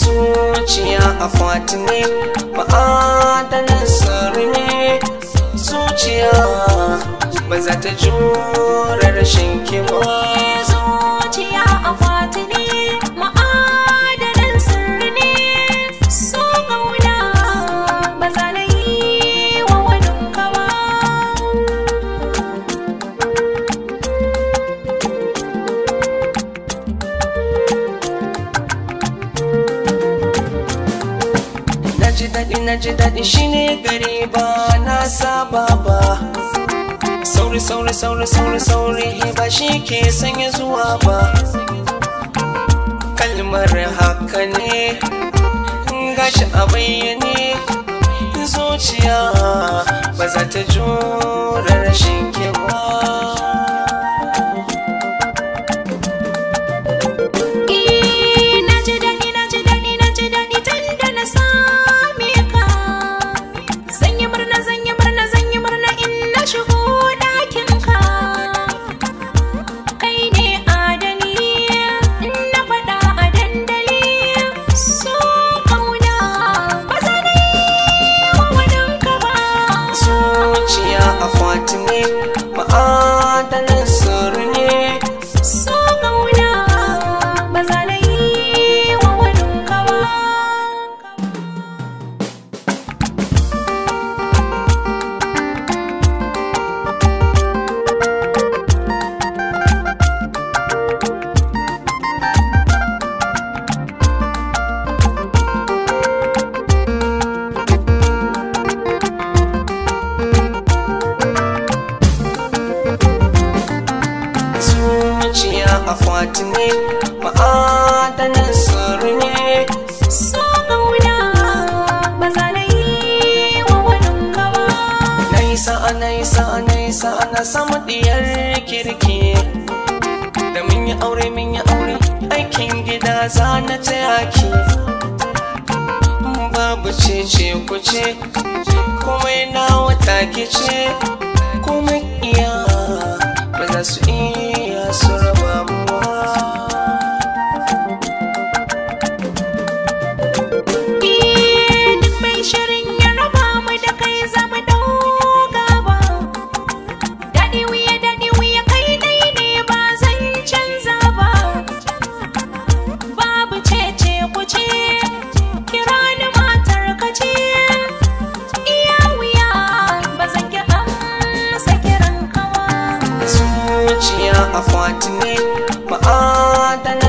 zuciya fati ne ma'adanin sirri ne zuciya ba za ta jure rashin kima zuciya fati ne na ji daɗi shine gari ba na saba ba sauri sauri sauri sauri sauri ba shi ke sanya zuwa ba kalmar haka ne gashi a bayyane zuciya ba za ta jura rashin kewa A fati ne ma'adanin tsoro ne so gauna ba za na yi wa wani gaba na yi sa'a na yi sa'a na yi sa'a na samu diyar kirki da mun yi aure mun yi aure aikin gida za na taya ki babu ce ce ku ce komai na wata ki ce akwati ne ma'adana